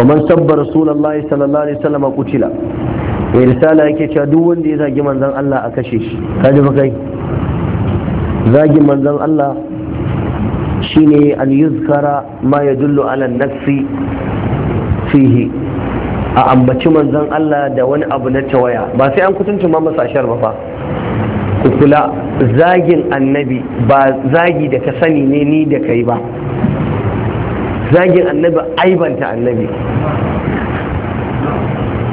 ومن سب رسول الله صلى الله عليه وسلم قتل mai risala yake cewa duk wanda ya zagi manzan Allah a kashe shi kaji ba kai zagi manzan Allah shine an yuzkara ma yadullu ala nafsi fihi a ambaci manzan Allah da wani abu na tawaya ba sai an kutunta ma masa ba fa ku kula zagin annabi ba zagi da ka sani ne ni da kai ba zagin annabi aibanta annabi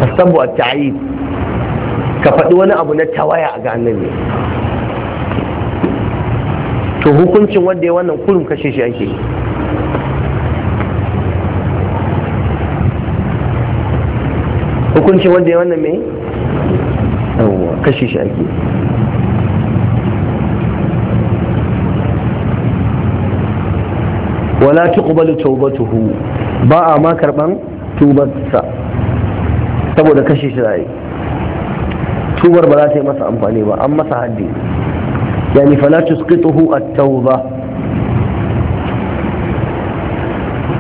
tasabbu a ta'ayi ka faɗi wani abu na tawaya ga annabi to hukuncin wanda ya wannan kurum kashe shi ake hukuncin wanda ya wannan mai kashe shi ake wala tuqbalu tawbatuhu ba a ma karban tubarsa saboda kashe shi zai tubar ba za ta yi masa amfani ba an masa haddi yani fala tusqituhu at-tauba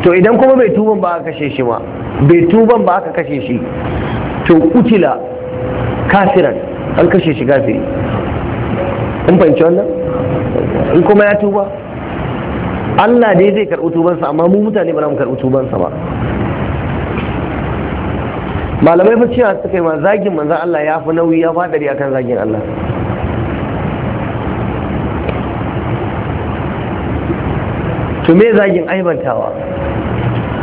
to idan kuma bai tuban ba aka kashe shi ma bai tuban ba aka kashe shi to utila kafiran an kashe shi gafiri An fahimci wannan in kuma ya tuba Allah ne zai karɓi tubansa amma mu mutane ba mu karɓi tubansa ba malamai fa cewa suka yi ma zagin manzan Allah ya fi nauyi ya faɗari akan zagin Allah to me zagin aibantawa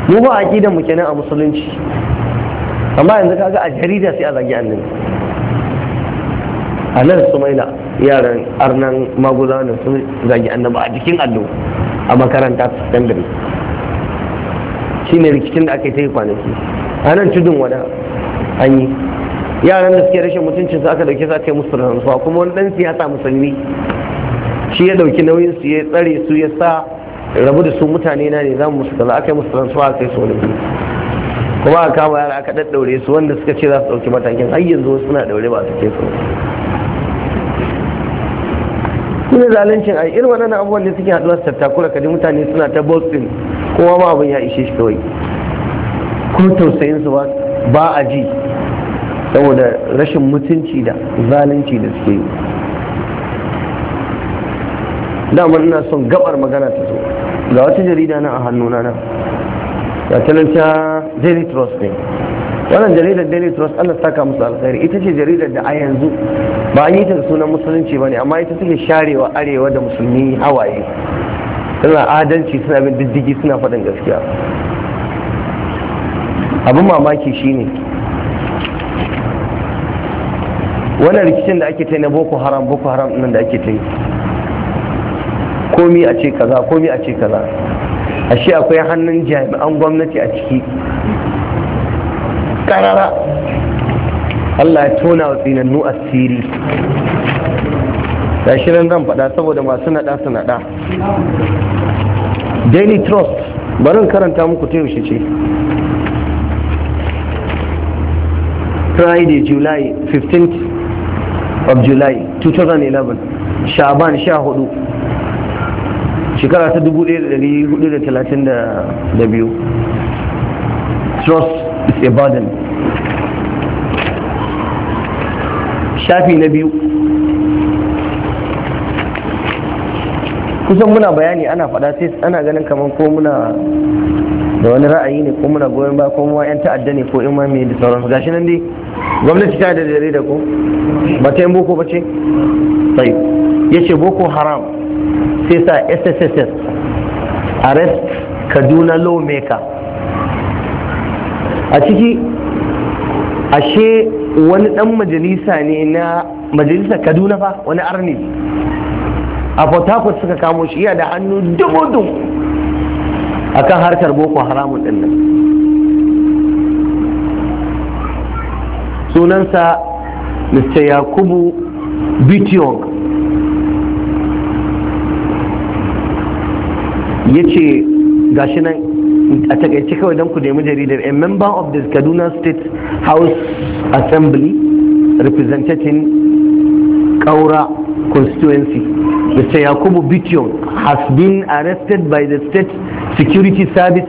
mu ba aqidan mu kenan a musulunci amma yanzu kaga a jarida sai a zagi annabi a nan sumaila yaran arnan maguza sun zagi annabi a jikin allo a makaranta secondary ne rikicin da aka yi ta yi kwanaki a nan tudun wada an yi yaran da suke rashin mutuncin su aka dauke su aka yi musu rantsuwa kuma wani dan siyasa musulmi shi ya dauki nauyin su ya tsare su ya sa rabu da su mutane na ne za mu musu kaza aka yi musu rantsuwa aka yi sau kuma aka kama yara aka daddaure su wanda suka ce za su dauki matakin har yanzu suna daure ba su ke su shi ne zalancin a irin waɗannan abubuwan da suke haɗuwa su tattakura mutane suna ta boston kowa ma abin ya ishe shi kawai ko tausayin su ba a ji saboda rashin mutunci da zalunci da suke yi dama ina son gabar magana ta zo ga wata jarida na a hannuna na ga talanta daily trust ne wannan jaridar daily trust allah saka musu alkhairi ita ce jaridar da a yanzu ba an yi ta sunan musulunci ba ne amma ita take sharewa arewa da musulmi hawaye suna adalci suna bin diddigi suna faɗin gaskiya abin mamaki shine wannan rikicin da ake ta na boko haram boko haram nan da ake ta yi komi a ce kaza komi a ce kaza shi akwai hannun jami'an gwamnati a ciki karara Allah ya tona wa tsinannu asiri da shirin zan faɗa saboda masu naɗa su naɗa daily trust barin karanta muku ta yaushe ce friday july 15th of july 2011 sha'aban 14 shekara ta 1432 trust ibadan shafi na biyu kusan muna bayani ana fada sai ana ganin kamar ko muna da wani ra'ayi ne ko muna goyon ba ko mu yan ta'adda ne ko imami da sauransu gashi nan dai gwamnati ta da dare da ko ba ta yin boko ba ce sai ya ce boko haram sai sa sss arrest kaduna lawmaker a ciki ashe wani dan majalisa ne na majalisa kaduna fa wani arni a port suka kamo shi iya da hannu dubu a kan harkar boko haramun din nan sunansa mr yakubu bitiyong ya ce gashi nan a takaice kawai don ku nemi jaridar a member of the kaduna state house assembly representing kaura constituency mr yakubu bition has been arrested by the state security service